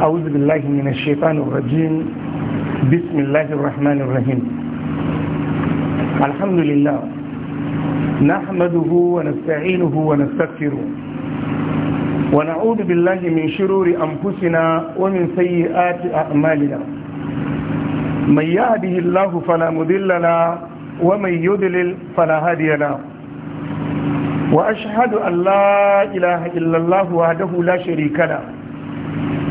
أعوذ بالله من الشيطان الرجيم بسم الله الرحمن الرحيم الحمد لله نحمده ونستعينه ونستغفره ونعوذ بالله من شرور أنفسنا ومن سيئات أعمالنا من يهده الله فلا مذل له ومن يذلل فلا هادي له وأشهد أن لا إله إلا الله وحده لا شريك له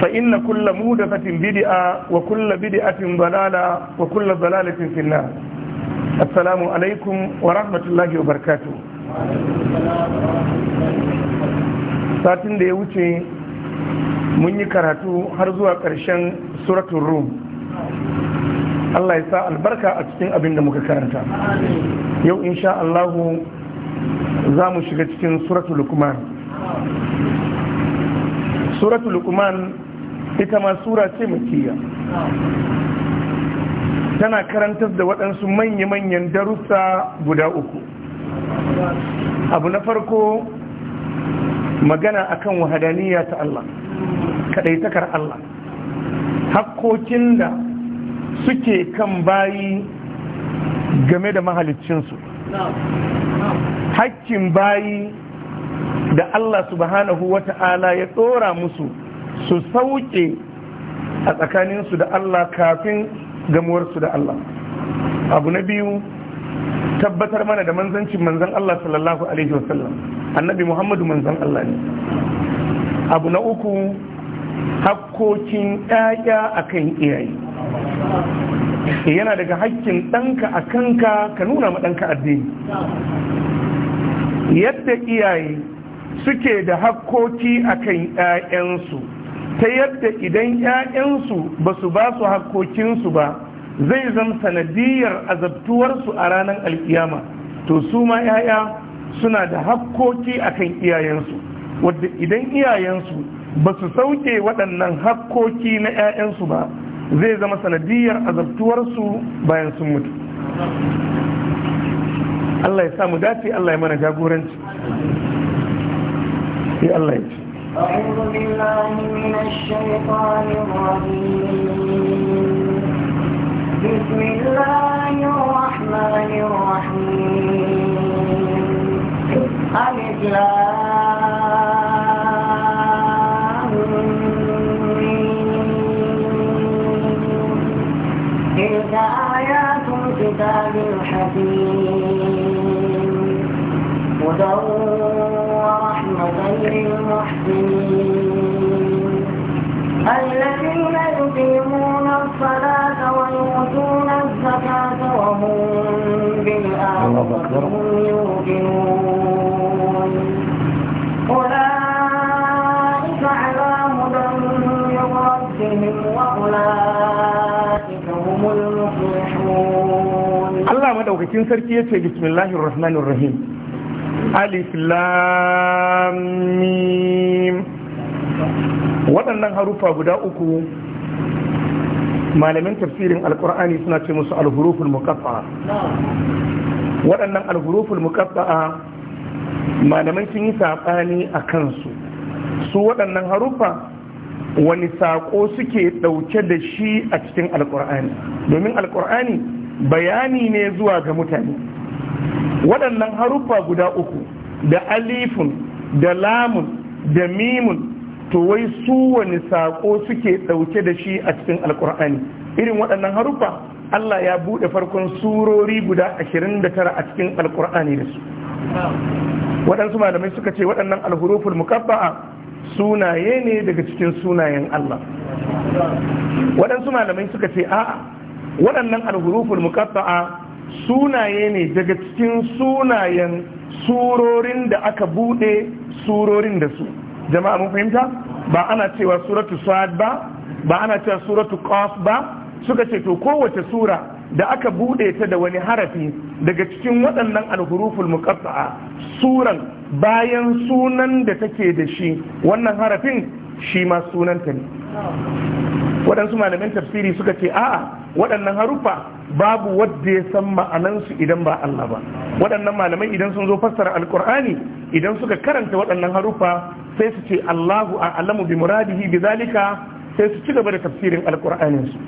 فإن كل مودثة بدعة وكل بدعة ضلالة وكل ضلالة في النار alaikum wa rahmatullahi الله وبركاته satin da ya wuce mun yi karatu har zuwa ƙarshen suratun rum Allah ya sa albarka a cikin abin da muka karanta yau insha Allahu za mu shiga cikin suratul lukman suratu lukman ita ma sura ce makiya tana karantar da waɗansu manya-manyan darussa guda uku abu na farko magana akan wahadaniya ta Allah kaɗaitakar Allah hakkokin da suke kan bayi game da mahaliccinsu. hakkin bayi da Allah subhanahu wa ta'ala ya tsora musu su sauke a tsakaninsu da Allah kafin gamuwarsu da Allah abu na biyu tabbatar mana da manzancin manzan Allah sallallahu alaihi wasallam annabi Muhammadu manzan Allah ne abu na uku hakkokin ɗaya a kan iyaye yana daga hakkin ɗanka a kanka ka nuna ma ɗanka addini yadda iyaye suke da hakkoki kan 'ya'yansu ta yadda idan 'ya'yansu ba su ba su hakkokinsu ba zai zama sanadiyar azabtuwarsu a ranar alkiyama to su ma 'ya'ya suna da hakkoki kan iyayensu wadda idan iyayensu ba su sauke waɗannan hakkoki na 'ya'yansu ba zai zama sanadiyar azabtuwarsu bayan sun mutu Allah ya samu dace Allah ya mana jagoranci sai Allah ya ce الحديد هدى الذين يقيمون الصلاة ويؤتون الزكاة وهم بالآخرة هم يوقنون أولئك على هدى من ربهم وأولئك هم المفلحون الله مدعوك تنسر كيف بسم الله الرحمن الرحيم alif lam mim waɗannan harufa guda uku malamin tafsirin alkur'ani suna ce musu alhuruful mukaffa'a waɗannan alhuruful mukaffa'a malamin sun yi saɓani a kansu su waɗannan harufa wani saƙo suke ɗauke da shi a cikin alkur'ani domin alkur'ani bayani ne zuwa ga mutane waɗannan haruffa guda uku da alifun da lamun da mimun to wai su wani saƙo suke ɗauke da shi a cikin alkur'ani irin waɗannan haruffa Allah ya buɗe farkon surori guda 29 a cikin alkur'ani da su waɗansu malamai suka ce waɗannan alhuruful mukabba'a sunaye ne daga cikin sunayen Allah waɗansu malamai suka ce a'a waɗannan alhuruful mukabba'a sunaye ne daga cikin sunayen surorin da aka bude surorin da su jama'a mun fahimta ba ana cewa suratu sa'ad ba ba ana cewa suratu qaf ba suka ce to kowace sura da aka bude ta da wani harafi daga cikin waɗannan alhuruful muqatta'a suran bayan sunan da take da shi wannan harafin shi ma sunanta ne waɗansu malamin tafsiri suka ce a'a waɗannan haruffa babu wadda ya san su idan ba Allah ba waɗannan malamai idan sun zo fassara alkur'ani idan suka karanta waɗannan harufa sai su ce Allahu a'lamu bi muradihi bi zalika sai su ci gaba da tafsirin alkur'anin su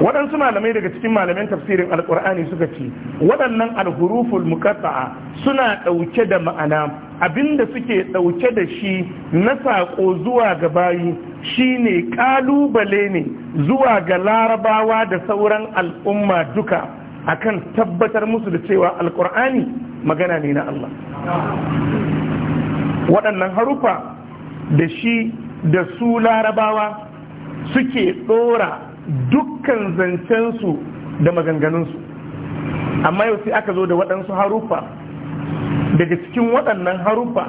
waɗansu malamai daga cikin malamin tafsirin alkur'ani suka ce waɗannan alhuruful muqatta'a suna ɗauke da ma'ana abinda suke ɗauke da shi na saƙo zuwa ga bayi shine ƙalubale ne zuwa ga larabawa da sauran al'umma duka akan tabbatar musu da cewa alkur'ani magana ne na Allah waɗannan harufa da shi da su larabawa suke ɗora dukkan zancensu da maganganunsu amma yau sai aka zo da waɗansu harufa daga cikin waɗannan harufa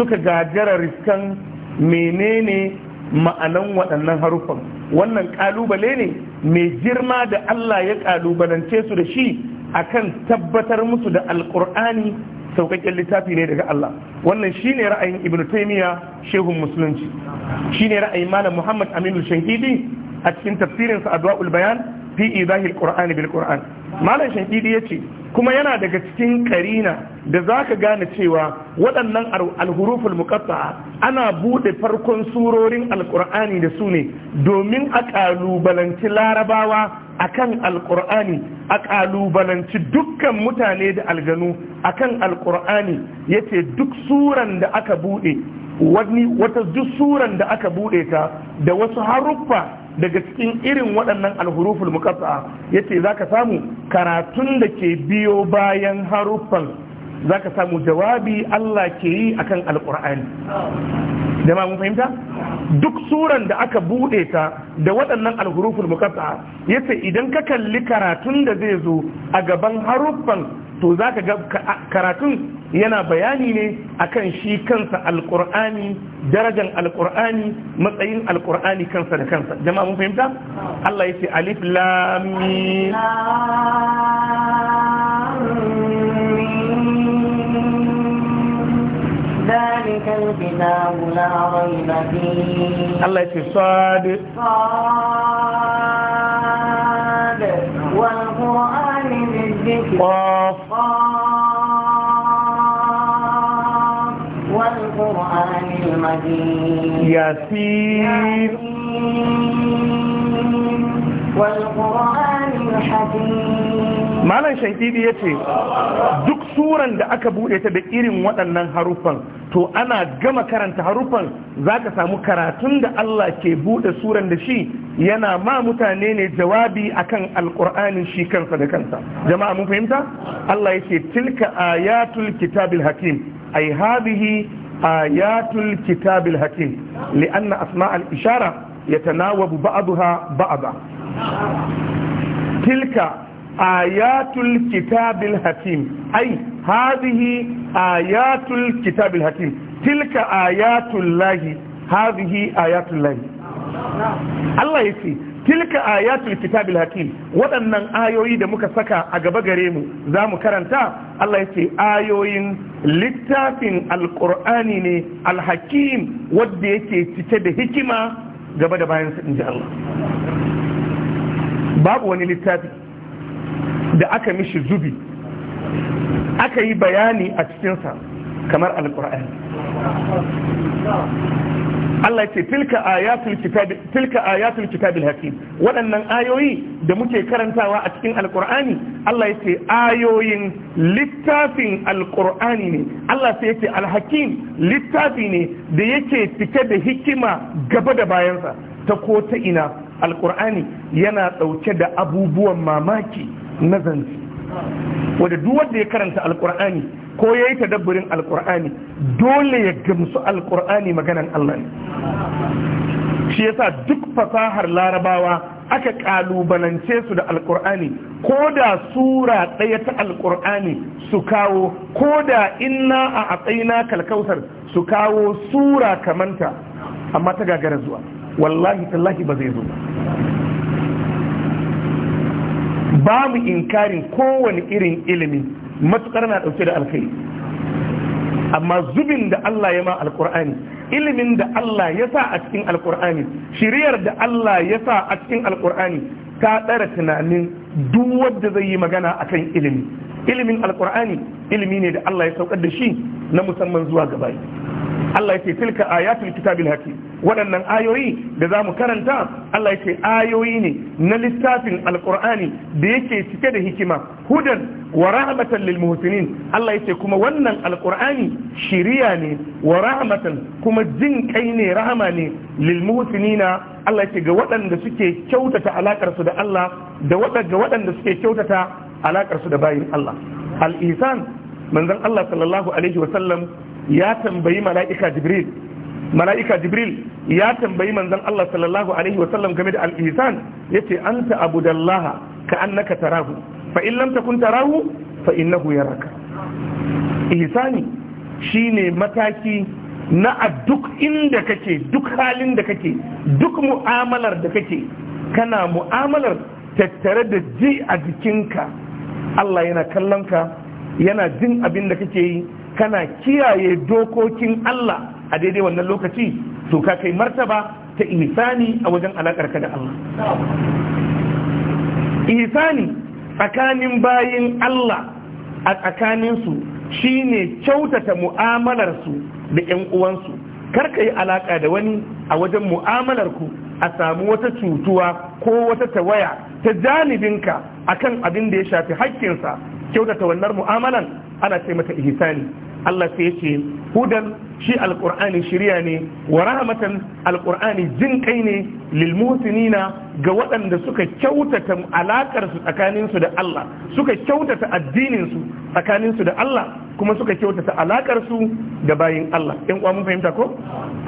suka gajara riskan menene ma'anan waɗannan harufan wannan ƙalubale ne mai girma da Allah ya ƙalubalance su da shi akan tabbatar musu da alƙur'ani saukakken littafi ne daga Allah wannan shine ra'ayin Ibn taymiya shehun musulunci shine ra'ayin Malam Muhammad Aminu Shahidi a cikin tafsirin sa adwa'ul bayan fi idahil qur'ani bil qur'an malam shankidi yace kuma yana daga cikin karina da zaka gane cewa waɗannan alhuruful muqatta'a ana bude farkon surorin alqur'ani da su ne domin a kalubalanci larabawa akan alqur'ani a kalubalanci dukkan mutane da alganu akan alqur'ani yace duk suran da aka bude wani wata duk suran da aka bude ta da wasu haruffa daga cikin irin waɗannan alhuruful ce za ka samu karatun da ke biyo bayan haruffan za ka samu jawabi Allah ke yi akan alqur'ani jama'a mun fahimta duk suran da aka bude ta da waɗannan alhuruful ya ce idan ka kalli karatun da zai zo a gaban haruffan to zaka ga karatun yana bayani ne akan shi kansa Alƙur'ani, darajar Alƙur'ani, matsayin Alƙur'ani, kansa da kansa jama'a mun fahimta Allah ya ce alif lam ذلك الكتاب لا ريب فيه الله يسي صاد صاد والقرآن بالذكر قاف والقرآن المجيد ياسين والقرآن الحكيم malam shankidi ya ce duk suran da aka bude ta da irin waɗannan haruffan to ana gama karanta haruffan za ka samu karatun da Allah ke bude suran da shi yana ma mutane ne jawabi akan alƙur'anin shi kansa da kansa jama'a mun fahimta Allah ya ce tilka ayatul kitabil hakim ai hadhihi ayatul kitabil hakim li'anna asma'al ishara yatanawabu ba'daha ba'da tilka ayatul kitabil الحكيم ai هذه ayatul kitabil الحكيم tilka ayatul الله هذه آيات lahi Allah ce tilka ayatul kitabil hakim waɗannan ayoyi da muka saka a gaba gare mu za mu karanta Allah yace ayoyin littafin alqur'ani ne alhakim wanda yake cike da hikima gaba da bayan inji Allah babu wani littafi da aka mishi zubi aka yi bayani a cikinsa kamar alkur'ani Allah ce tilka ayatul kitab tilka ayatul kitabil hakim waɗannan ayoyi da muke karantawa a cikin alkur'ani Allah ce ayoyin littafin alkur'ani ne Allah sai ce alhakim littafi ne da yake cike da hikima gaba da bayansa ta ko ta ina alkur'ani yana ɗauke da abubuwan mamaki na wadda duk wanda ya karanta alkur'ani ko ya yi tadabburin alkur'ani dole ya gamsu alkur'ani maganan Allah ne shi yasa duk fasahar larabawa aka kalubalance su da alkur'ani ko da sura ɗaya ta alkur'ani su kawo ko da inna a atsaina kalkausar su kawo sura kamanta amma ta gagara zuwa wallahi tallahi ba zai zo babu inkarin kowane irin ilimi matukar na dauke da alkhairi amma zubin da Allah ya ma alkur'ani ilimin da Allah ya sa a cikin alkur'ani shiriyar da Allah ya sa a cikin alkur'ani ta ɗara tunanin duk wanda zai yi magana akan ilimi ilimin alkur'ani ilimi ne da Allah ya saukar da shi na musamman zuwa gaba Allah yake tilka ayatul kitabil hakim waɗannan ayoyi da zamu karanta Allah yake ayoyi ne na littafin Alƙur'ani da yake cike da hikima hudan wa rahmatan lil muhsinin Allah yake kuma wannan alkur'ani shiriya ne wa rahmatan kuma jin kai ne rahama ne lil muhsinina Allah yake ga waɗanda suke kyautata alakar su da Allah da waɗanda suke kyautata alakar su da bayin Allah al-ihsan manzon Allah sallallahu alaihi wa sallam ya tambayi mala'ika jibril mala'ika jibril ya tambayi manzon Allah sallallahu alaihi wa sallam game da al-ihsan yace anta abudallaha ka annaka tarahu fa in lam takun tarahu fa innahu yaraka ihsani shine mataki na a duk inda kake duk halin da kake duk mu'amalar da kake kana mu'amalar tattare da ji a jikinka Allah yana kallonka yana jin abin da kake yi kana kiyaye dokokin Allah a daidai wannan lokaci to ka kai martaba ta ihsani a wajen alakar ka da Allah ihsani tsakanin bayin Allah a tsakaninsu shine kyautata mu'amalarsu da 'yan uwansu kar ka yi alaka da wani a wajen mu'amalarku a samu wata cutuwa ko wata tawaya ta janibinka akan abin da ya shafi haƙƙinsa kyautata wannan mu'amalan ana ce mata ihsani Allah sai yace hudan shi alqur'ani shiriya ne wa rahmatan alqur'ani jin kai ne lil ga waɗanda suka kyautata alakarsu tsakaninsu da Allah suka kyautata addininsu tsakaninsu da Allah kuma suka kyautata alaƙarsu da bayin Allah ɗan uwa mun fahimta ko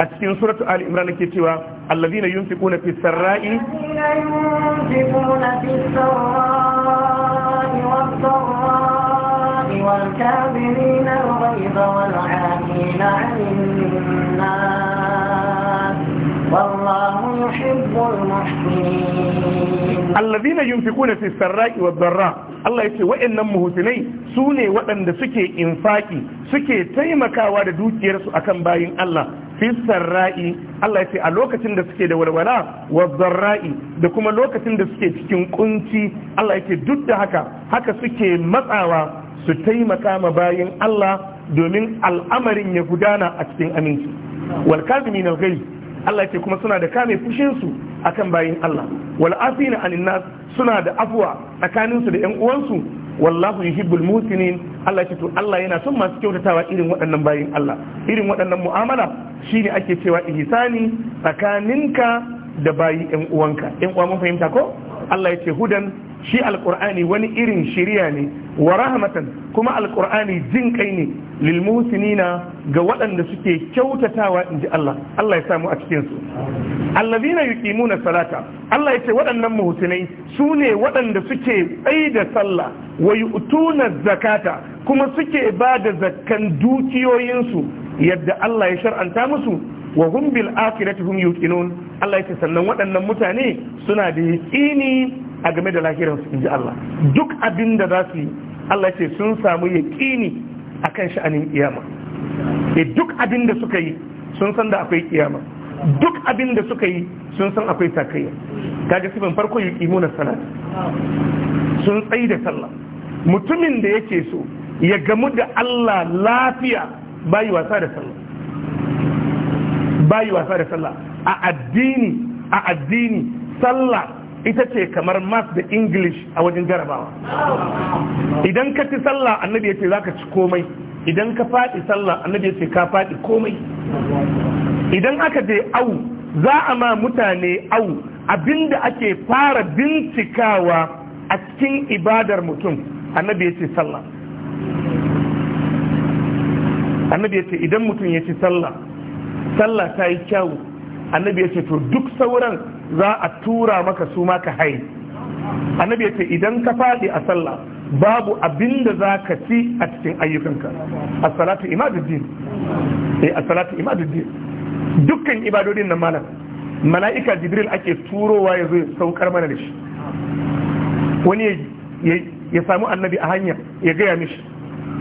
a cikin suratu ali imran ke cewa Allah yunfiquna fis sarra'i yunfiquna sarra'i والكاذبين الغيظ والعافين عن الناس والله يحب المحسنين الذين ينفقون في السراء والضراء Allah ya ce wa'annan muhusinai su ne waɗanda suke infaki suke taimakawa da dukiyarsu akan bayin Allah fisarra'i Allah ya ce a lokacin da suke da walwala wa zarra'i da kuma lokacin da suke cikin kunci Allah ya ce duk da haka haka suke matsawa su taimaka ma bayin Allah domin al'amarin ya gudana a cikin aminci wal kazimin al Allah ce kuma suna da kame fushinsu akan bayin Allah wal afina anin nas suna da afuwa tsakaninsu da yan uwansu wallahu yuhibbul muhsinin Allah ce to Allah yana son masu kyautatawa irin waɗannan bayin Allah irin waɗannan mu'amala shine ake cewa ihsani tsakaninka da bayi yan uwanka yan uwa mun fahimta ko Allah ya ce hudan shi alkur'ani wani irin shirya ne wa rahmatan kuma alkur'ani jin kai ne lil muhsinina ga waɗanda suke kyautatawa inji Allah Allah ya samu a cikin su allazina yuqimuna salata Allah ya ce waɗannan muhsinai su ne waɗanda suke da sallah wa yu'tuna zakata kuma suke ba da zakkan dukiyoyinsu yadda Allah ya shar'anta musu wa hum bil akhirati hum yuqinun Allah yake sannan waɗannan mutane suna da yaqini a game da lahirar su inji Allah duk abin da za su yi Allah ce sun samu yaqini akan sha'anin kiyama e duk abin da suka yi sun san da akwai kiyama duk abin da suka yi sun san akwai takayya kaga sifin farko yuqimuna salat sun tsayi da sallah mutumin da yake so ya gamu da Allah lafiya bayi wasa da sallah bayi wasa da sallah a addini a addini sallah ita ce kamar math da english a wajen jarabawa idan ka ci sallah annabi ya ce za ka ci komai idan ka faɗi sallah annabi ya ce ka faɗi komai idan aka je au za a ma mutane au abinda ake fara bincikawa a cikin ibadar mutum annabi ya ce sallah annabi ya ce idan mutum ya ci sallah sallah ta yi kyau annabi ya ce to duk sauran za a tura maka su maka hai annabi ya ce idan ka faɗi a sallah babu abin da za ka ci a cikin ayyukanka a salatu imaduddin eh a salatu imaduddin dukkan ibadodin nan malam mala'ika jibril ake turowa ya zo saukar mana da shi wani ya samu annabi a hanya ya gaya mishi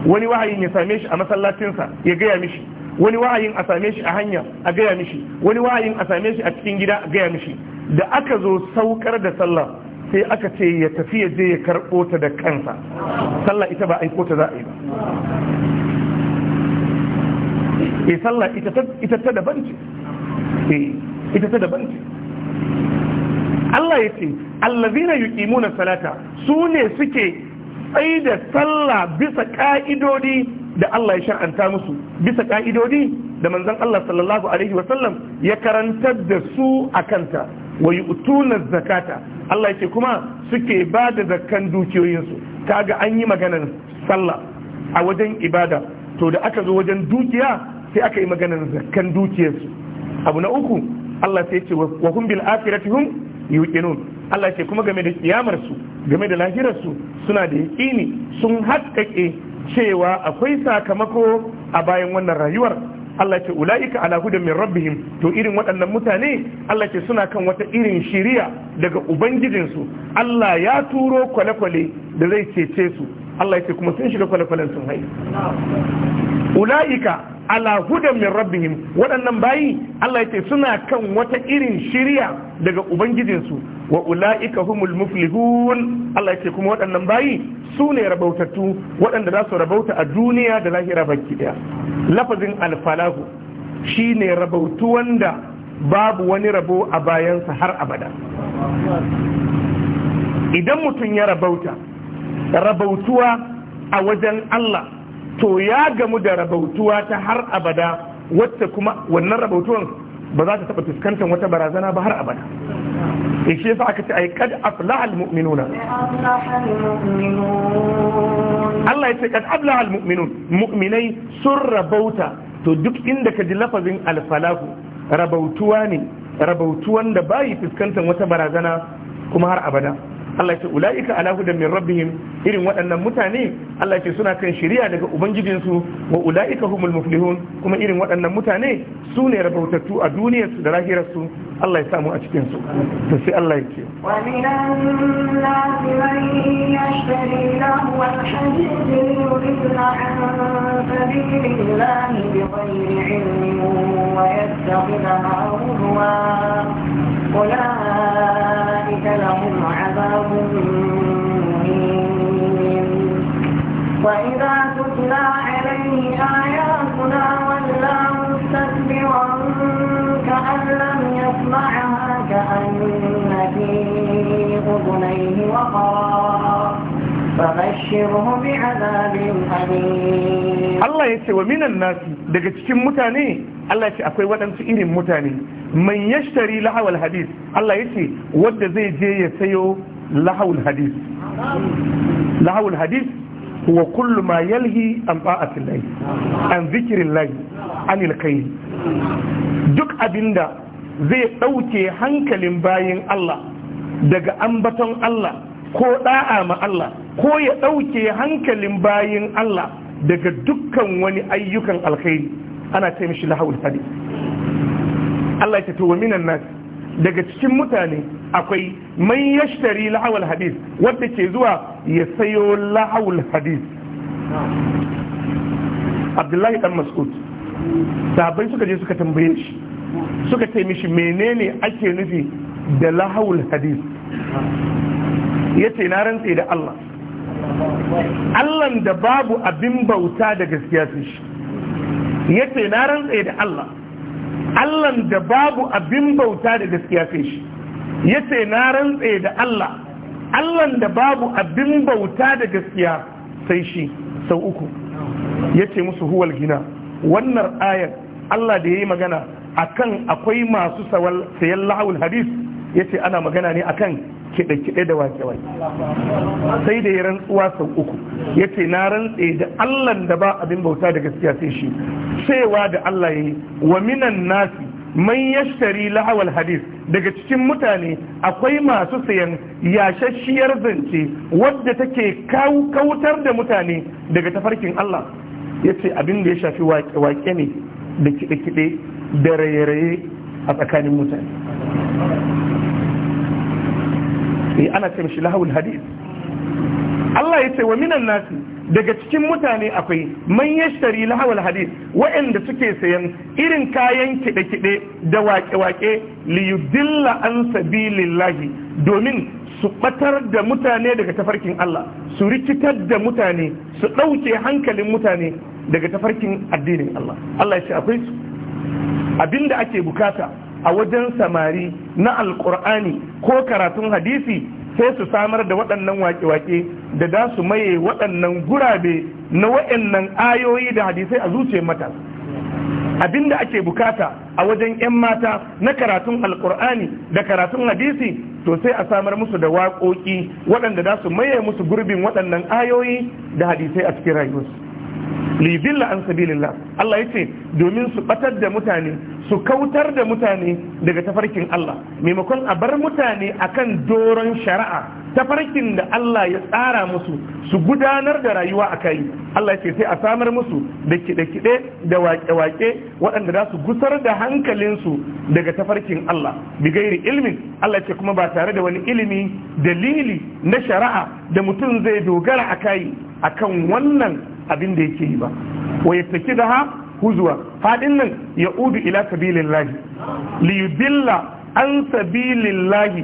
wani wahayin ya same shi a masallacinsa ya gaya mishi wani wahayin a same shi a hanya a gaya mishi wani wahayin a same shi a cikin gida a gaya mishi da aka zo saukar da sallah sai aka ce ya tafi ya je ya karɓo ta da kansa sallah ita ba aiko ta za a yi ba e sallah ita ta daban ce eh, ita ta daban ce Allah ya ce allazina yuqimuna salata su ne suke Sai da sallah bisa ka'idodi da Allah ya shar'anta musu bisa ka'idodi da manzon Allah sallallahu alaihi wa Sallam ya karantar da su a kanta wa yu'tuna zakata Allah yake kuma suke ba da zakkan dukiyoyinsu kaga an yi maganar sallah a wajen ibada to da aka zo wajen dukiya sai aka yi maganar zakkan dukiyarsu abu na uku Allah sai ya ce wa hum bil akhirati hum yuqinun Allah ce kuma game da kiyamarsu game da lahirarsu suna da yaƙini sun haƙƙaƙe cewa akwai sakamako a bayan wannan rayuwar Allah ce ula'ika ala hudan min rabbihim to irin waɗannan mutane Allah ce suna kan wata irin shiriya daga ubangijinsu Allah ya turo kwale-kwale da zai cece su Allah ya ce kuma sun shiga kwale-kwalen sun haihu ula'ika ala hudan min rabbihim waɗannan bayi Allah ya ce suna kan wata irin shirya daga ubangijinsu wa ula'ika humul muflihun Allah ya ce kuma waɗannan bayi su ne rabautattu waɗanda za su rabauta a duniya da lahira baki ɗaya lafazin alfalahu shi ne rabautu wanda babu wani rabo a bayansa har abada idan mutum ya rabauta rabautuwa a wajen Allah to ya gamu da rabautuwa ta har abada wacce kuma wannan rabautuwan ba za ta taɓa fuskantar wata barazana ba har abada E, shi yasa aka ce ai kad aflaha almu'minuna Allah ya ce kad aflaha almu'minun mu'minai sun rabauta to duk inda ka ji lafazin alfalahu rabautuwa ne rabautuwan da bayi fuskantar wata barazana kuma har abada Allah ya ce ulaika ala hudan min rabbihim irin waɗannan mutane Allah ya ce suna kan shari'a daga ubangijinsu wa ulaika humul muflihun kuma irin waɗannan mutane su ne rabautattu a duniyar su da lahirar su Allah ya samu a cikin su to sai Allah ya ce wa minan nasi man yashtari lahu ilmin wa yattakhidha hawwa أولئك لهم عذاب مهين وإذا تتلى عليه آياتنا ولى مستكبرا كأن لم يسمعها كأن في أذنيه وقرا Allah ya ce wa minan nasi daga cikin mutane Allah ya ce akwai waɗansu irin mutane man shari lahawal hadis Allah ya ce wadda zai je ya sayo lahawar hadis lahawar hadis wa kullu ma yalhi an ba'atin lahi an zikirin an ilkai duk abinda zai ɗauke hankalin bayan Allah daga ambaton Allah ko ɗa'a ma Allah ko ya ɗauke hankalin bayin Allah daga dukkan wani ayyukan alkhairi ana ce mishi lahawul hadi Allah ya ce to minan nas daga cikin mutane akwai man yashtari lahawul hadis wanda ke zuwa ya sayo lahawul hadis Abdullahi dan Mas'ud sahabbai suka je suka tambaye shi suka ce mishi menene ake nufi da lahawul hadis ya ce na rantsa da Allah Allahn da babu abin bauta da gaskiya sun shi Ya ce na rantsa da Allah Allahn da babu abin bauta da gaskiya sun shi Ya ce na rantsa da Allah Allahn da babu abin bauta da gaskiya sai shi sau uku Ya ce musu huwal gina wannan ayar Allah da ya yi magana akan akwai masu sayan lahawul hadis Ya ce ana magana ne akan kiɗe-kiɗe da wake-wake sai da ya rantsuwa sau uku ya ce na rantse da allah da ba abin bauta da gaskiya sai shi cewa da allah ya yi wa minan nasi man yashtari lahawal hadis daga cikin mutane akwai masu sayan yashashiyar zance wadda take kautar da mutane daga tafarkin Allah ya ce abin da ya shafi wake ne da kiɗe-kiɗe da raye-raye a tsakanin mutane ana ce mishi lahawul hadith Allah ya ce wa minan nasi daga cikin mutane akwai man yashtari lahawal hadith waɗanda suke sayan irin kayan kide-kide da wake-wake li yudilla an sabilillahi domin su batar da mutane daga tafarkin Allah su rikitar da mutane su ɗauke hankalin mutane daga tafarkin addinin Allah Allah ya ce akwai su abinda ake bukata a wajen samari na alkur'ani ko karatun hadisi sai su samar da waɗannan wake-wake da za su maye waɗannan gurabe na waɗannan ayoyi da hadisai a zuciyar mata abinda ake bukata a wajen 'yan mata na karatun alkur'ani da karatun hadisi to sai a samar musu da waƙoƙi waɗanda za su maye musu gurbin waɗannan ayoyi da hadisai a cikin rayuwarsu lizilla an sabilillah Allah ya ce domin su ɓatar da mutane su kautar da mutane daga tafarkin Allah maimakon a bar mutane akan doron shari'a tafarkin da Allah ya tsara musu su gudanar da rayuwa a kai Allah ce sai a samar musu da kiɗe-kiɗe da waƙe-waƙe waɗanda za su gusar da hankalinsu daga tafarkin Allah bigairi ilmin Allah ce kuma ba tare da wani ilimi dalili na shari'a da mutum zai dogara a kai akan wannan abin da yake yi ba wa yattaki da ha huzuwa faɗin nan ya udu ila sabilin lahi yudilla an sabilin lahi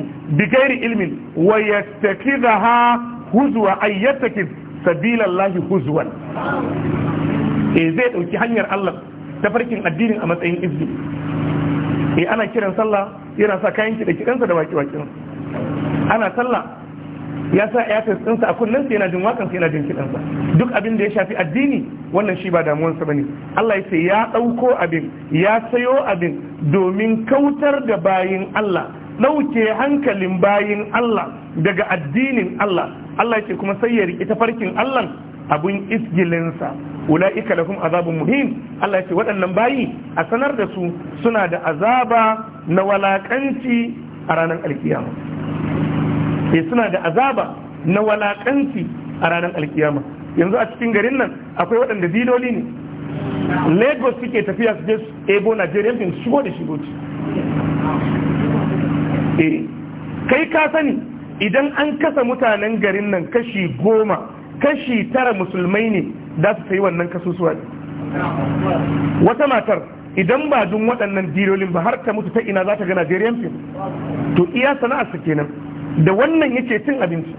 ghairi ilmin wa yattakidaha huzuwa ay yattakid sabilallahi huzuwan eh, zai ɗauki hanyar Allah ta farkin addinin a matsayin izini e ana kiran sallah yana sa kayan kiɗa kiɗansa da waki wakin ana sallah ya sa airfest ɗinsa a kullum yana jin wakan yana jin kiɗansa duk abin da ya shafi addini wannan shi ba damuwarsa bane Allah ya ce ya ɗauko abin ya sayo abin domin kautar da bayin Allah ɗauke hankalin bayin Allah daga addinin Allah Allah ya ce kuma sai ya riƙi tafarkin Allah abun isgilinsa ula'ika lahum azabun muhim Allah ya ce waɗannan bayi a sanar da su suna da azaba na walakanci a ranar alkiyama sai eh, suna da azaba na walakanci a ranar alkiyama yanzu a cikin garin nan akwai waɗanda diloli ne lagos suke tafiya su je ebo nigerian bin shigo da shigo ci eh, kai ka sani idan an kasa mutanen garin nan kashi goma kashi tara musulmai ne za su sayi wannan kasusuwa wata matar idan ba dun waɗannan dilolin ba har ta mutu ta ina za ta ga nigerian fin to iya su kenan da wannan yake cin abinci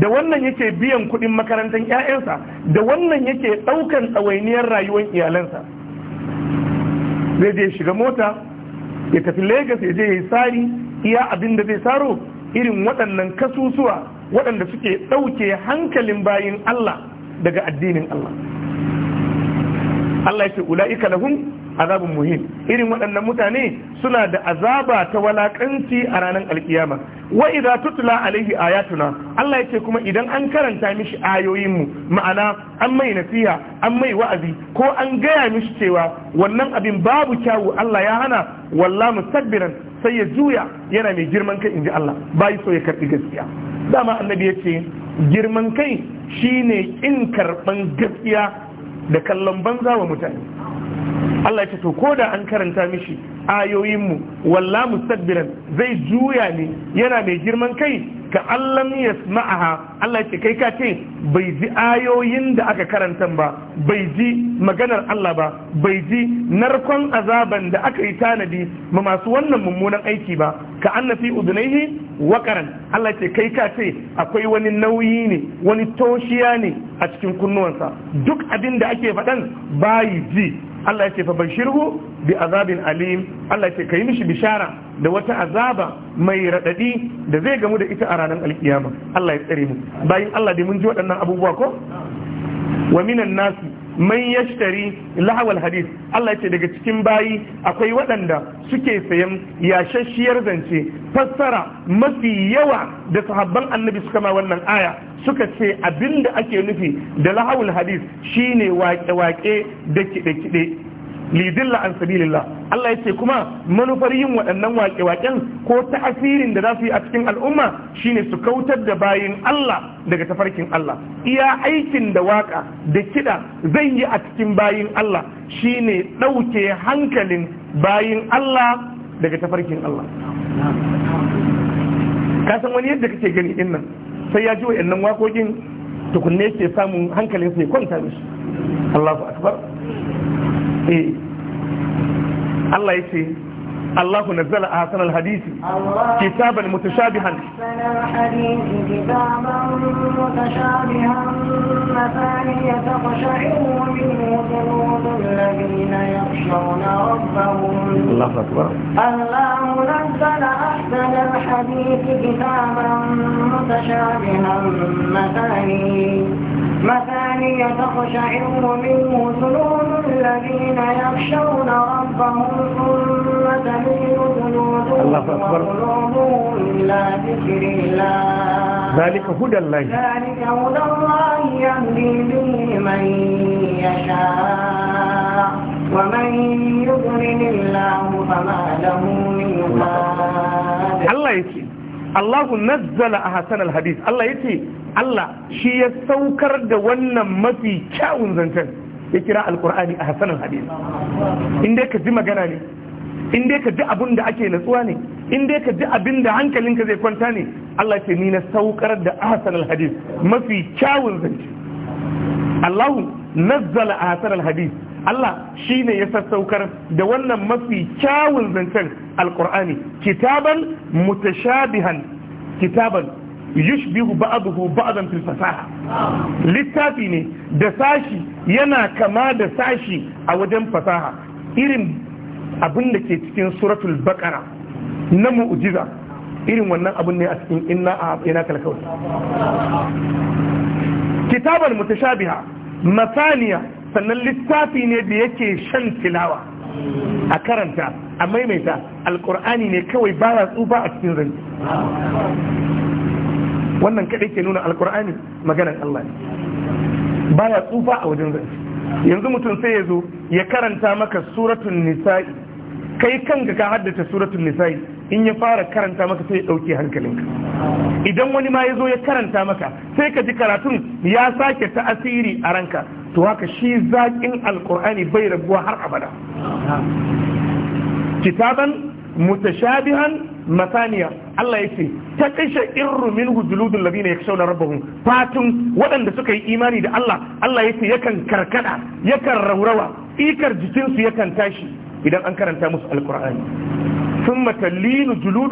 da wannan yake biyan kuɗin makarantar 'ya'yansa da wannan yake ɗaukan tsawainiyar rayuwar iyalansa zai je shiga mota ya tafi Legas ya je ya sari iya abin da zai saro irin waɗannan kasusuwa waɗanda suke ɗauke hankalin bayin Allah daga addinin Allah Allah yake ula'ika lahum azabun muhim irin waɗannan mutane suna da azaba ta walakanci a ranar alkiyama wa idza tutla alaihi ayatuna Allah yake kuma idan an karanta mishi ayoyin mu ma'ana an mai nasiha an mai wa'azi ko an gaya mishi cewa wannan abin babu kyawu Allah ya hana walla mustakbiran sai ya juya yana mai girman kai inji Allah bai so ya karbi gaskiya dama annabi yace girman kai shine in karban gaskiya da kallon banza wa mutane Allah ce to ko da an karanta mishi ayoyinmu walla mustabbiran zai juya ne yana mai girman kai ka allam yasma'aha Allah ce kai ka ce bai ji ayoyin da aka karanta ba bai ji maganar Allah ba bai ji narkon azaban da aka yi tanadi ma masu wannan mummunan aiki ba ka annafi udunaihi karan Allah ce kai ka ce akwai wani nauyi ne wani toshiya ne a cikin kunnuwansa duk abin da ake faɗan bayi ji Allah ya ce fa bi azabin alim Allah ya ce kai mishi bishara da wata azaba mai radadi da zai gamu da ita a ranar alkiyama Allah ya tsare mu bayan Allah dai mun ji waɗannan abubuwa ko wa minan nasu man yashtari lahawal hadith Allah ce daga cikin bayi akwai waɗanda suke sayan yashashiyar zance fassara mafi yawa da sahabban annabi suka ma wannan aya suka ce abinda ake nufi da lahawal hadis shine wake-wake da kide kide. lidilla an sabilillah Allah ya ce kuma manufar yin waɗannan waƙe-waƙen ko ta'asirin da za su yi a cikin al'umma shine su kautar da bayin Allah daga tafarkin Allah iya aikin da waƙa da kiɗa zai yi a cikin bayin Allah shine ɗauke hankalin bayin Allah daga tafarkin Allah ka san wani yadda kake gani dinnan sai ya ji waɗannan waƙoƙin tukunne ke samun hankalinsa ya kwanta mishi Allahu akbar الله Allah الله نزل أحسن الحديث كتابا متشابها أحسن الحديث كتابا متشابها مثانية تقشعر منه جلود الذين يخشون الله أكبر الله مثاني تخشعر منه جنود الذين يخشون ربهم ثم تميل جنودهم وقلوبهم إلى ذكر الله ذلك هدى الله ذلك هدى الله يهدي به من يشاء ومن يضلل الله فما له من هاد الله يسلم Allahu nazzala ahsan Hadis. Allah ya ce, Allah shi ya saukar da wannan mafi kyawun zancen ya kira alqur'ani ahsan alhadith in dai ka ji magana ne in ka ji abin da ake natsuwa ne in dai ka ji abin da hankalinka zai kwanta ne Allah ce ni na saukar da ahsan alhadith mafi kyawun zance Allahu nazzala ahsan alhadith Allah shi ne ya sassaukar da wannan mafi kyawun zancen alkur'ani kitaban mutashabihan kitaban yushbihu ba'dahu ba'dan fil fasaha littafi ne da sashi yana kama da sashi a wajen fasaha irin abin da ke cikin suratul baqara na mu'jiza irin wannan abin ne a cikin inna a ina kalkawai kitaban mutashabiha masaniya sannan littafi ne da yake shan tilawa a karanta a maimaita alkur'ani ne kawai baya tsufa a cikin zanci wannan kaɗai ke nuna alkur'ani maganan Allah ne baya tsufa a wajen zanci yanzu mutum sai ya zo ya karanta maka suratun nisa'i kai kanka ka haddace suratun nisa'i in ya fara karanta maka sai ya ɗauke hankalinka idan wani ma ya zo ya karanta maka sai ka ji karatun ya sake ta asiri a ranka to haka shi zaƙin alƙur'ani bai rabuwa har abada kitaban mutashabihan masaniya Allah ya ce ta kashe irru min hujuludun labina ya shauna rabbahum fatun waɗanda suka yi imani da Allah Allah ya ce yakan karkada yakan raurawa ikar jikinsu yakan tashi idan an karanta musu alƙur'ani ثم تلين wa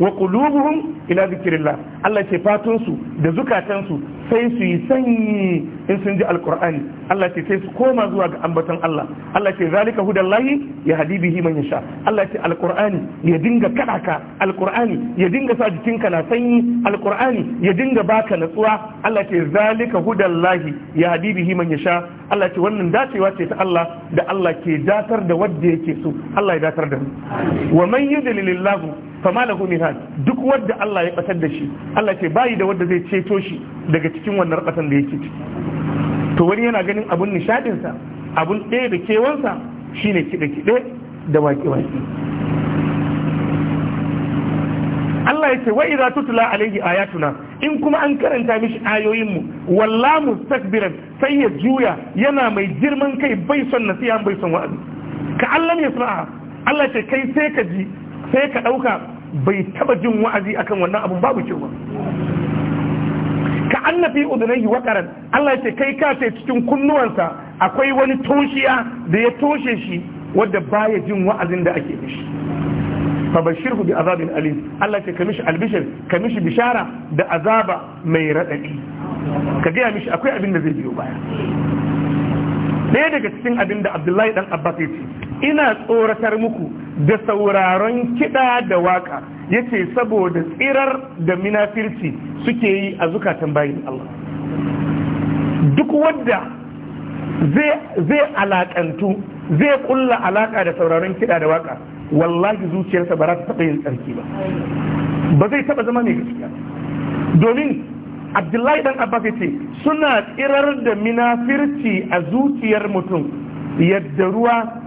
وقلوبهم الى ذكر Allah ya ce fatunsu da zukatansu sai su yi sanyi in sun ji alkur'ani Allah ce sai su koma zuwa ga ambaton Allah Allah ce zalika hudallahi ya hadi bihi ya sha. Allah ce alkur'ani ya dinga kaɗaka. ka alkur'ani ya dinga sa jikinka na sanyi alkur'ani ya dinga baka natsuwa Allah ce zalika hudallahi ya hadi bihi ya yasha Allah ce wannan dacewa ce ta Allah da Allah ke datar da wadda yake so Allah ya datar da mu wa man yudlilillahu fama lahu mihad duk wanda Allah ya batar da shi Allah ce bayi da wanda zai ceto shi daga cikin wannan batan da yake ciki to wani yana ganin abun nishadin sa abun ɗaya da kewansa shine kide kide da waki waki Allah ya ce wa idza tutla alayhi ayatuna in kuma an karanta mishi ayoyin mu walla mustakbiran sai ya juya yana mai girman kai bai son nasiha bai son wa'azi ka Allah ya sana'a Allah ce kai sai ka ji sai ka ɗauka bai taba jin wa'azi akan wannan abun babu kyau ba ka annafi udunai wakaran Allah ya ce kai ka ce cikin kunnuwansa akwai wani toshiya da ya toshe shi wadda baya jin wa'azin da ake mishi fa bashirhu bi azabin alim Allah ce ka mishi albishir ka bishara da azaba mai radadi ka gaya mishi akwai abin da zai biyo baya ɗaya daga cikin abin da Abdullahi dan Abbas ya ce ina tsoratar muku da sauraron kiɗa da waka yace saboda tsirar da minafirci suke yi a zukatan bayin Allah duk wadda zai alaƙantu zai ƙulla alaƙa da sauraron kiɗa da waka wallahi zuciyarsa ba za ta taɓa yin tsarki ba ba zai taɓa zama mai gaskiya domin abdullahi ɗan abbas ce suna tsirar da minafirci a zuciyar mutum yadda ruwa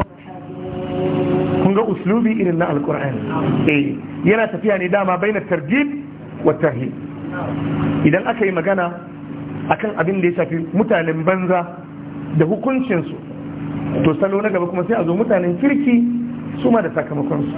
kun ga uslubi irin na alkur'ani eh yana tafiya ne dama baina tarjib wa tarhib idan aka yi magana akan abin da ya shafi mutanen banza da hukuncinsu to salo na gaba kuma sai a zo mutanen kirki su ma da sakamakonsu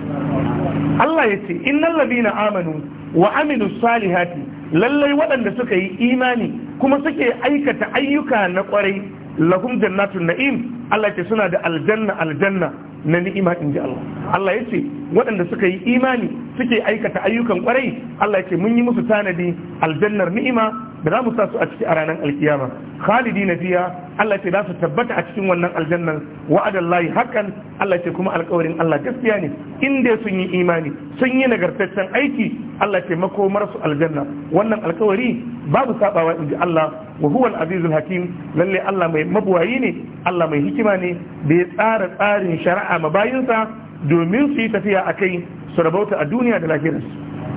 Allah ya ce innal ladina amanu wa Aminu salihati lallai waɗanda suka yi imani kuma suke aikata ayyuka na kwarai. lahum jannatun na'im Allah ce suna da aljanna aljanna na ni'ima in ji Allah Allah ya ce waɗanda suka yi imani suke aikata ayyukan kwarai Allah ya mun yi musu tanadi aljannar ni'ima da za mu sa su a ciki a ranar alkiyama khalidi na fiya Allah ce za su tabbata a cikin wannan aljannar wa'adallahi hakan Allah ce kuma alƙawarin Allah gaskiya ne inda dai sun yi imani sun yi nagartaccen aiki Allah ce makomar su aljanna wannan alkawari babu sabawa in ji Allah wa huwa al-azizul hakim lalle Allah mai mabuwayi ne Allah mai hikima ne da ya tsara tsarin shari'a mabayinsa domin su yi tafiya a kai su rabauta a duniya da lahirarsu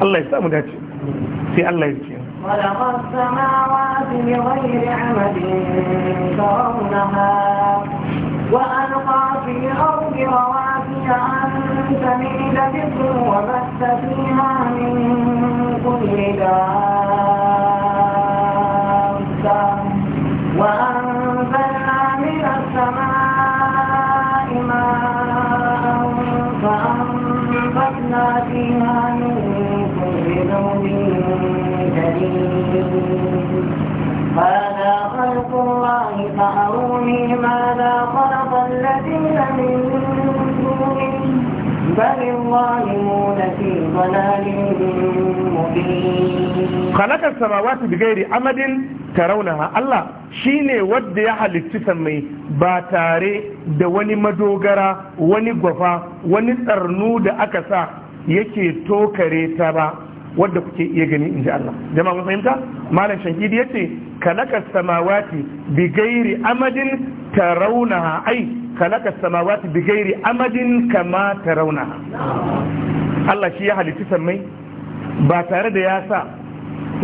Allah ya samu dace sai Allah ya ce خلق السماوات بغير عمد ترونها وألقى في الأرض رواسي أن تميد بكم وبث فيها من كل دار عليم خلق الله فأروني ماذا خلق الذين من دونه بل الظالمون في ضلال خلق السماوات بغير عمد ترونها الله شيني ود يحل halitti باتاري ba tare da wani madogara wani gwafa wani tsarnu da aka sa wadda kuke iya gani in ji Allah jama'a fahimta malam shankidi yace kalaka samawati bi gairi amadin tarawnaha ai kalaka samawati bi gairi amadin kama tarawnaha Allah shi ya halitta samai ba tare da ya sa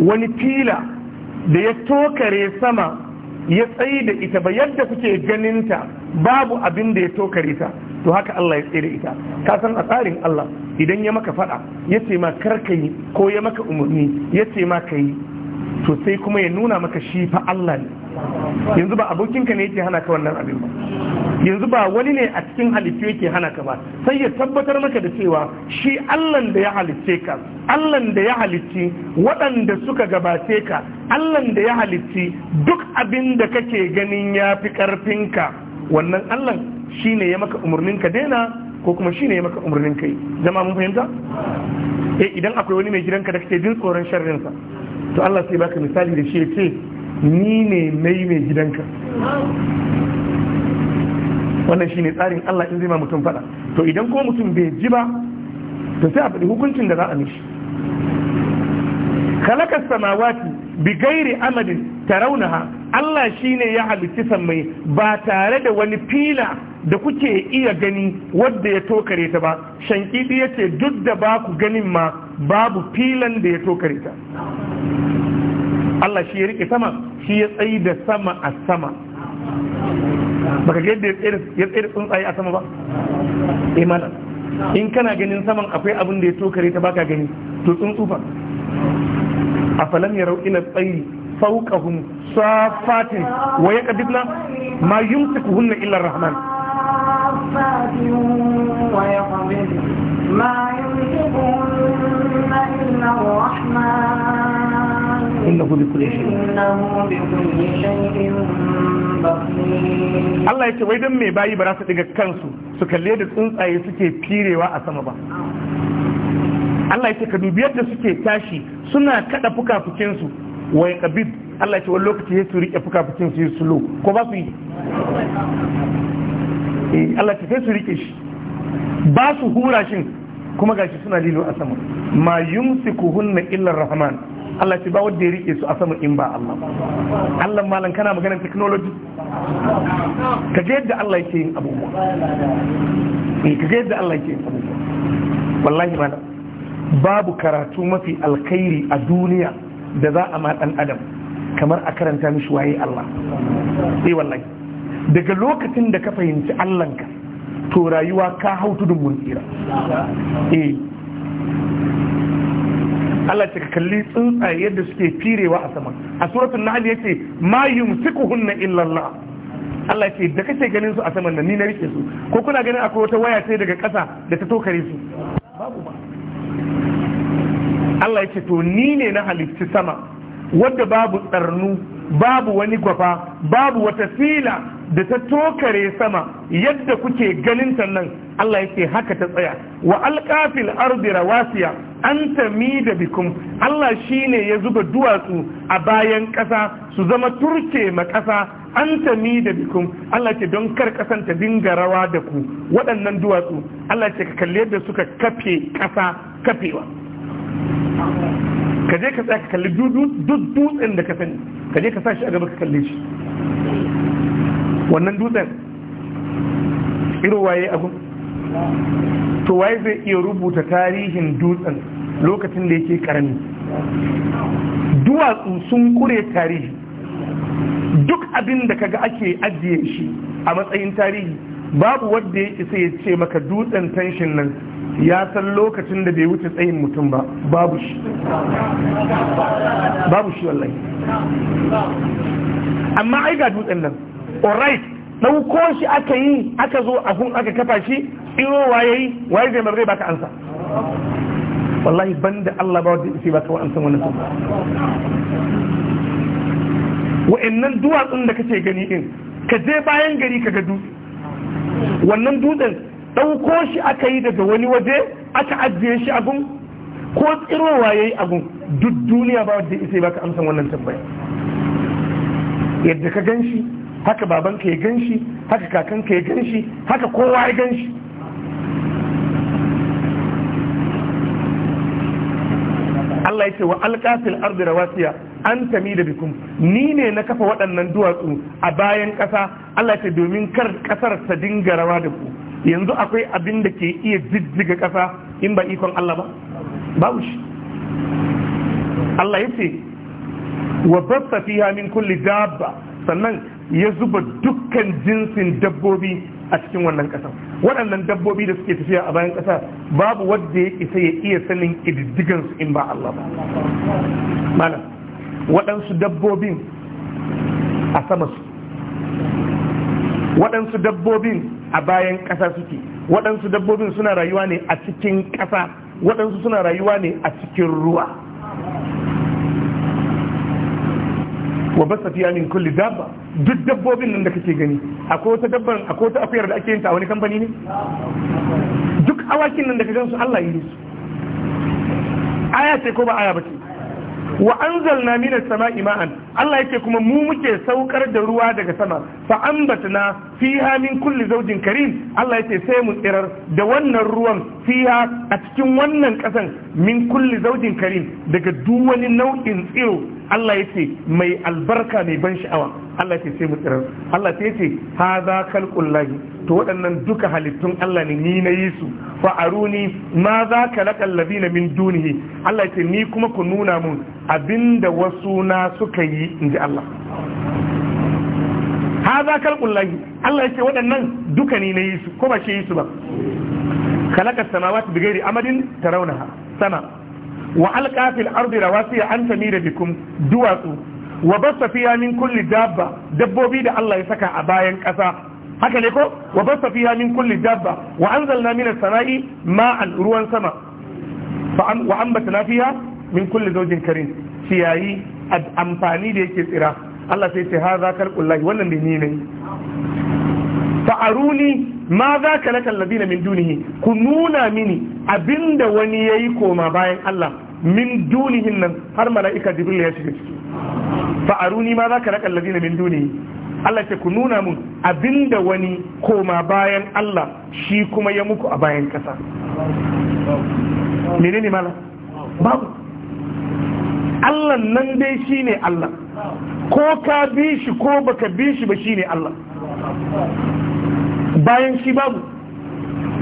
wani fila da ya tokare sama ya tsayi da ita ba yadda kuke ganinta babu abin da ya tokare ta to haka Allah ya tsere ita ka san a tsarin Allah idan ya maka fada ya ce ma karka yi ko ya maka umarni ya ce ma ka yi to sai kuma ya nuna maka shi fa Allah ne yanzu ba abokinka ne yake hana ka wannan abin ba yanzu ba wani ne a cikin halittu yake hana ka ba sai ya tabbatar maka da cewa shi allah da ya halicce ka Allah da ya halicci waɗanda suka gabace ka Allah da ya halicci duk abin da kake ganin ya fi ƙarfinka wannan Allah shine ya maka umarnin ka daina ko kuma shine ya maka umarnin kai zama mun fahimta eh idan akwai wani mai gidanka da kake jin tsoron sharrin sa to Allah sai baka misali da shi ya ce ni ne mai mai gidanka wannan shine tsarin Allah in zai ma mutum fada to idan kuma mutum bai ji ba to sai a faɗi hukuncin da za a mishi khalaqa samawati bigairi amadin tarawunaha Allah shine ya halitti mai ba tare da wani fila da kuke iya gani wadda ya tokare ta ba shankidi ya ce duk da ba ku ganin ma babu filan da ya tokare ta Allah shi ya rike sama shi ya tsayi da sama a sama baka ga yadda ya tsaye da tsuntsaye a sama ba imana eh, in kana ganin saman akwai abin da ya tokare ta baka gani to tsuntsufa afalam yarau ila tsayi fawqahum safatin wa yaqdibna ma yumsikuhunna illa arrahman rahman Allah ya ce wai don mai bayi ba za su daga kansu su kalle da tsuntsaye suke firewa a sama ba Allah ya ce ka dubi yadda suke tashi suna kada fukafukinsu wa ya kabib Allah ya ce wani lokaci ya su rike fukafukinsu ya sulo ko ba su yi eh, Allah ya sai su rike shi ba su hura shi kuma gashi suna lilo a sama ma hunna illa rahman Allah ya ce ba wanda ya rike su a sama in ba Allah Allah malan kana maganar technology ka ga yadda Allah yake yin abubuwa eh, ka ga yadda Allah yake yin abubuwa wallahi malam babu karatu mafi alkhairi a duniya da za a matan adam kamar a karanta mishi waye Allah sai eh, wallahi daga lokacin da ka fahimci Allahnka to rayuwa ka hau tudun mun tsira eh Allah ka kalli tsuntsaye yadda suke firewa a sama a suratul nahl yace ma yumsikuhunna illa Allah Allah ce da kace ganin su a saman nan ni na rike su ko kuna ganin akwai wata waya sai daga kasa da ta tokare su babu ba Allah ya ce to ni ne na halicci sama wadda babu tsarnu babu wani kwafa babu wata fila da ta tokare sama yadda kuke ganin ta nan Allah yake haka ta tsaya wa alkafil ardi rawasiya an tami da bikum Allah shine ya zuba duwatsu a bayan ƙasa su zama turke ma ƙasa an tami da bikum Allah ce don kar ƙasan ta dinga rawa da ku waɗannan duwatsu Allah ce ka kalli yadda suka kafe ƙasa kafewa ka je ka tsaka kalli duk dutsen da ka sani ka je ka sa shi a gaba ka kalle shi wannan dutsen iro waye abu to waye zai iya rubuta tarihin dutsen lokacin da yake karami duwatsu sun kure tarihi duk abin da kaga ake ajiye shi a matsayin tarihi babu wanda ya isa ya ce maka dutsen tanshin nan ya san lokacin da bai wuce tsayin mutum ba babu shi babu shi wallahi amma ai ga dutsen nan alright ɗauko shi aka yi aka zo a hun aka kafa shi iro waye yi waye zai marai baka ansa wallahi banda Allah ba wadda isi baka ansa wannan sun wa'annan duwatsun da kace gani din ka je bayan gari ka ga dutse wannan dutsen ɗauko shi aka yi daga wani waje aka ajiye shi abun ko tsirowa ya yi abun duk duniya ba wadda isa baka amsan wannan tambaya yadda ka gan shi haka babanka ya gan shi haka kakanka ya gan shi haka kowa ya gan shi Allah ya ce wa alƙafil ardi rawasiya an tami da bikum ni ne na kafa waɗannan duwatsu a bayan ƙasa Allah ya ce domin kar ƙasar ta dinga rawa da ku yanzu akwai abin da ke iya jijjiga ƙasa in ba ikon Allah ba babu shi Allah ya ce wa basta fiha min kulli dabba sannan ya zuba dukkan jinsin dabbobi a cikin wannan ƙasa waɗannan dabbobi da suke tafiya a bayan ƙasa babu wadda ya isa ya iya sanin ƙididdigansu in ba Allah ba mana waɗansu dabbobin a sama su waɗansu dabbobin a bayan ƙasa suke waɗansu dabbobin suna rayuwa ne a cikin ƙasa waɗansu suna rayuwa ne a cikin ruwa wa basa tafiya min kulli dabba duk dabbobin nan da kake gani akwai wata dabban akwai wata akuyar da ake yin ta a wani kamfani ne duk awakin nan da ka gansu Allah yi su aya ce ko ba aya ba ce wa anzalna minas sama'i ma'an Allah yake kuma mu muke saukar da ruwa daga sama fa ambatna fiha min kulli zawjin karim Allah yake sai mu tsirar da wannan ruwan fiha a cikin wannan kasan min kulli zawjin karim daga duk wani nau'in tsiro Allah ya ce mai albarka mai ban sha'awa Allah ya ce sai mu Allah ya ce ha za lahi. to waɗannan duka halittun Allah ne ni na yi su fa aruni ma za ka laƙal na min dunihi Allah ya ce ni kuma ku nuna mun abinda wasu na suka yi in ji Allah ha za lahi. Allah ya ce waɗannan duka ni na yi su ko ba shi yi su ba kalakar samawati bigari amadin tarawunaha sama wa alqa fil wasu ya an tamida bikum duwatsu wa ba su fiya min kulli dabba dabbobi da Allah ya saka a bayan ƙasa haka ne ko wa ba su fiha min kulli dabba wa anzalna min as-sama'i ma'an ruwan sama wa an ambatna fiha min kulli zojin karin. ciyayi amfani da yake tsira Allah sai ce hadha khalqullahi wannan da ni ne fa aruni ma za ka tallabi na min dunihi ku nuna mini abinda wani yayi koma bayan Allah min dunihin nan har mala'ika jibril ya shiga ciki fa aruni ma za ka na tallabi na min dunihi Allah ce ku nuna mun abinda wani koma bayan Allah shi kuma ya muku a bayan kasa menene mala babu Allah nan dai shine Allah ko ka bi shi ko baka bi shi ba shine Allah bayan shi babu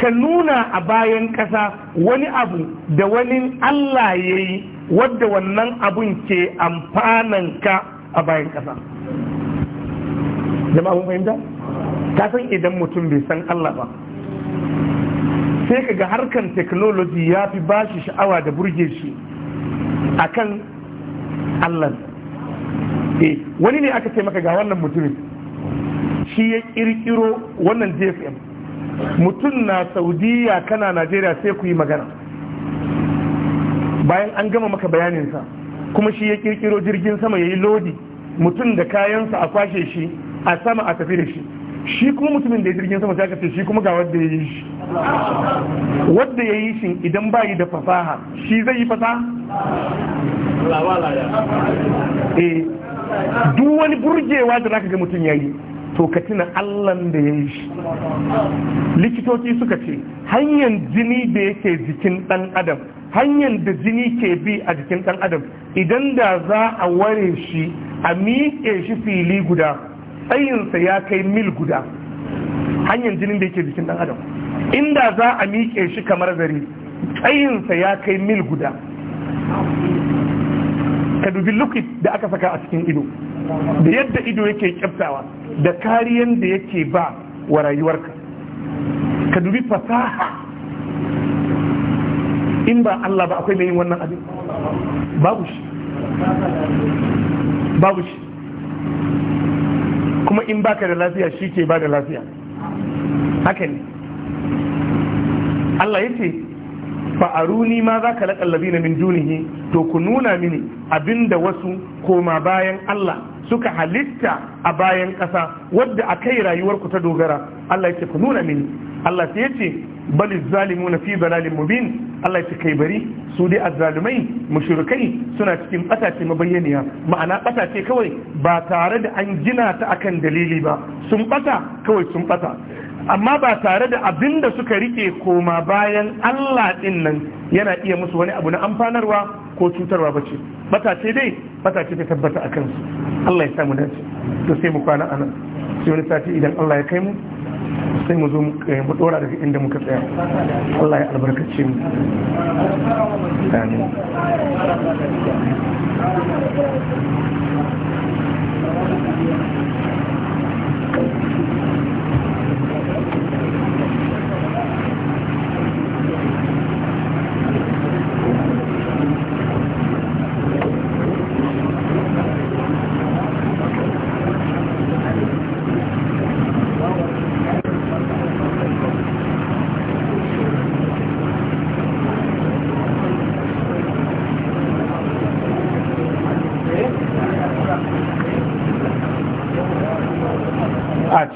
ka nuna a bayan ƙasa wani abu da wani Allah ya yi wadda wannan abun ke amfananka a bayan ƙasa jama'a mun fahimta ta san idan mutum bai san Allah ba sai kaga harkar technology ya fi bashi sha'awa da burge shi kan Allah eh, wani ne aka ce maka ga wannan mutumin shi ya kirkiro wannan jfm mutum na saudiya kana najeriya sai ku yi magana bayan an gama maka bayaninsa kuma shi ya kirkiro jirgin sama ya yi lodi mutum da kayansa a kwashe shi a sama a tafi da shi shi kuma mutumin da ya jirgin sama ta ce shi kuma ga wadda ya yi shi wadda ya yi shi idan bayi da fasaha shi zai yi fasaha? eh duk wani burgewa da zaka ga mutum ya yi to ka tuna allan da ya yi shi likitoci suka ce hanyar jini da yake jikin dan adam hanyar da jini ke bi a jikin dan adam idan da za a ware shi a miƙe shi fili guda tsayinsa ya kai mil guda hanyar jinin da yake jikin dan adam inda za a miƙe shi kamar gari tsayinsa ya kai mil guda ka dubi liquid da aka saka a cikin ido da yadda ido yake kyaftawa da kariyan da yake ba wa rayuwarka ka dubi fasaha in ba Allah ba akwai mai yin wannan abin babu shi babu shi kuma in baka da lafiya shi ke ba da lafiya haka ne Allah ya ce fa'aruni ma za ka laƙallabi na min dunihi to ku nuna mini abinda wasu koma bayan Allah suka halitta a bayan ƙasa wadda a kai rayuwarku ta dogara Allah ya ce ku nuna mini Allah sai yace bal zalimuna fi balalin mubin Allah ya kai bari su dai azzalumai mushrikai suna cikin batace mabayyaniya ma'ana batace kawai ba tare da an gina ta akan dalili ba sun ɓata, kawai sun ɓata. amma ba tare da abin da suka rike koma bayan Allah din nan yana iya musu wani abu na amfanarwa ko cutarwa ba ce bata ce dai bata ce ta tabbata a kansu Allah ya samu dace to sai mu kwana a nan. sai wani sati idan Allah ya kai mu sai mu zo mu dora eh, daga inda muka tsaya Allah ya albarkace mu amin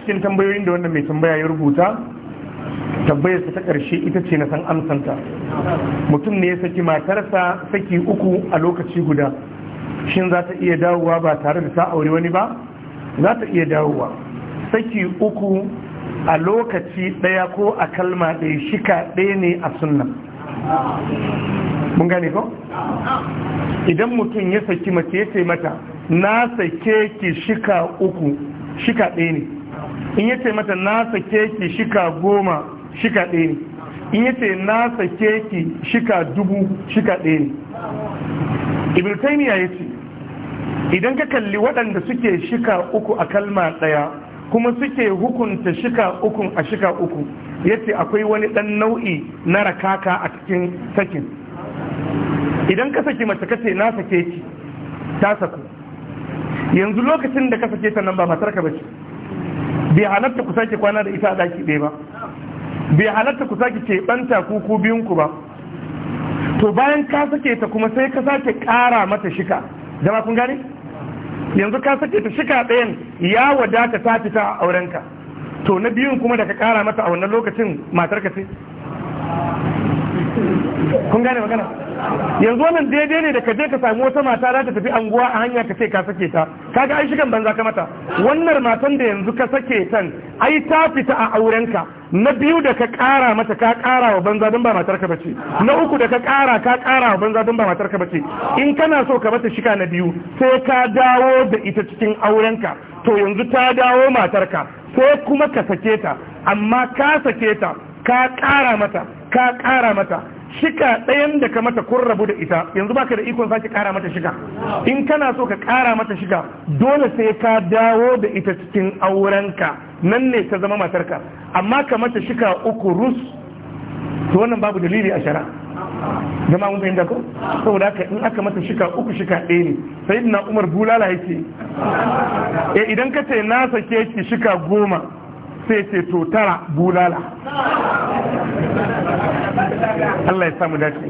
cikin tambayoyin da wannan mai tambaya ya rubuta tambayarsa ta ƙarshe ita ce na san amsanta mutum ne ya saki matarsa saki uku a lokaci guda shin za ta iya dawowa ba tare da ta aure wani ba za ta iya dawowa saki uku a lokaci ɗaya ko a kalma ɗaya shika ɗaya ne a sunna mun gane ko idan mutum ya saki mace ya ce mata na sake ki shika uku shika ɗaya ne in yace mata na sake ki shika goma shika ɗaya ne in yace na sake ki shika dubu shika ɗaya ne ibn ya ce idan ka kalli waɗanda suke shika uku a kalma ɗaya kuma suke hukunta shika uku a shika uku ce akwai wani ɗan nau'i na rakaka a cikin sakin idan ka saki mace kace na sake ki ta saku yanzu lokacin da ka sake ta nan ba matarka bace bai halatta ku sake kwana da ita a daki ɗaya ba bai halatta ku sake ɓanta ku ko biyun ku ba to bayan ka sake ta kuma sai ka sake ƙara mata shika jama kun gane yanzu ka sake ta shika ɗayan ya wadata ta fita a aurenka to na biyun kuma da ka ƙara mata a wannan lokacin matar ka ce kun gane magana yanzu wannan daidai ne da ka je ka sami wata mata za ta tafi anguwa a hanya ka ce ka sake ta kaga ai shigan banza ka mata wannan matan da yanzu ka sake tan ai ta fita a aurenka na biyu da ka kara mata ka kara wa banza don ba matar ka bace na uku da ka kara ka kara wa banza don ba matar ka bace in kana so ka mata shiga na biyu sai ka dawo da ita cikin auren ka to yanzu ta dawo matar ka sai kuma ka sake ta amma ka sake ta ka kara mata ka kara mata shika ɗayan da ka mata kun rabu da ita yanzu baka da ikon sake kara mata shika in kana so ka kara mata shika dole sai ka dawo da ita cikin aurenka nan ne ta zama matarka amma ka mata shika uku rus to wannan babu dalili a shara jama'a mun fahimta ko saboda haka in aka mata shika uku shika ɗaya ne sai umar bulala yake eh idan ka ce na sake ki shika goma sai ce to tara bulala Allah ya samu dace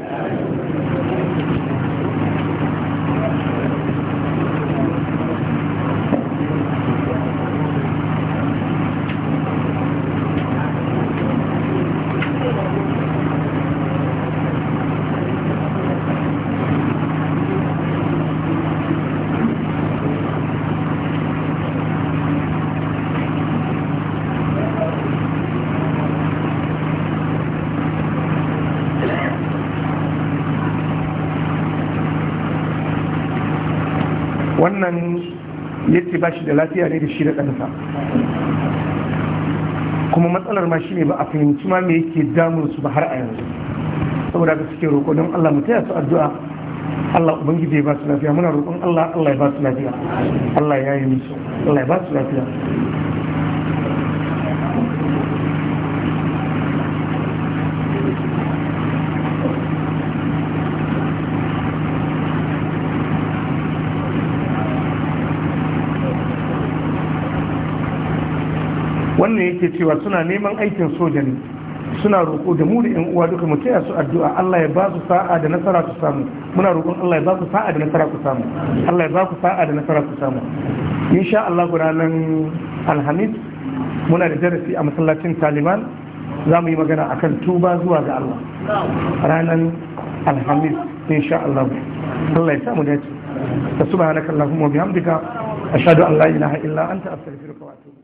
ba shi da lafiya ne da shi da ɗansa kuma matsalar ma shi ne ba a fahimci ma me yake damun su ba har a yanzu saboda ka suke roƙo don Allah mu taya su addu'a Allah ubangiji ya ba su lafiya muna roƙon Allah Allah ya ba su lafiya Allah ya yi musu Allah ya ba su lafiya wannan yake cewa suna neman aikin soja ne suna roƙo da mu da yan uwa duka mu taya su addu'a Allah ya ba su sa'a da nasara ku samu muna roƙon Allah ya ba ku sa'a da nasara ku samu Allah ya ba ku sa'a da nasara ku samu insha Allah ranar alhamis muna da darasi a masallacin taliban za mu yi magana akan tuba zuwa ga Allah Ranan alhamis insha Allah Allah ya samu dace allahumma wa bihamdika ashhadu an la ilaha illa anta astaghfiruka wa atubu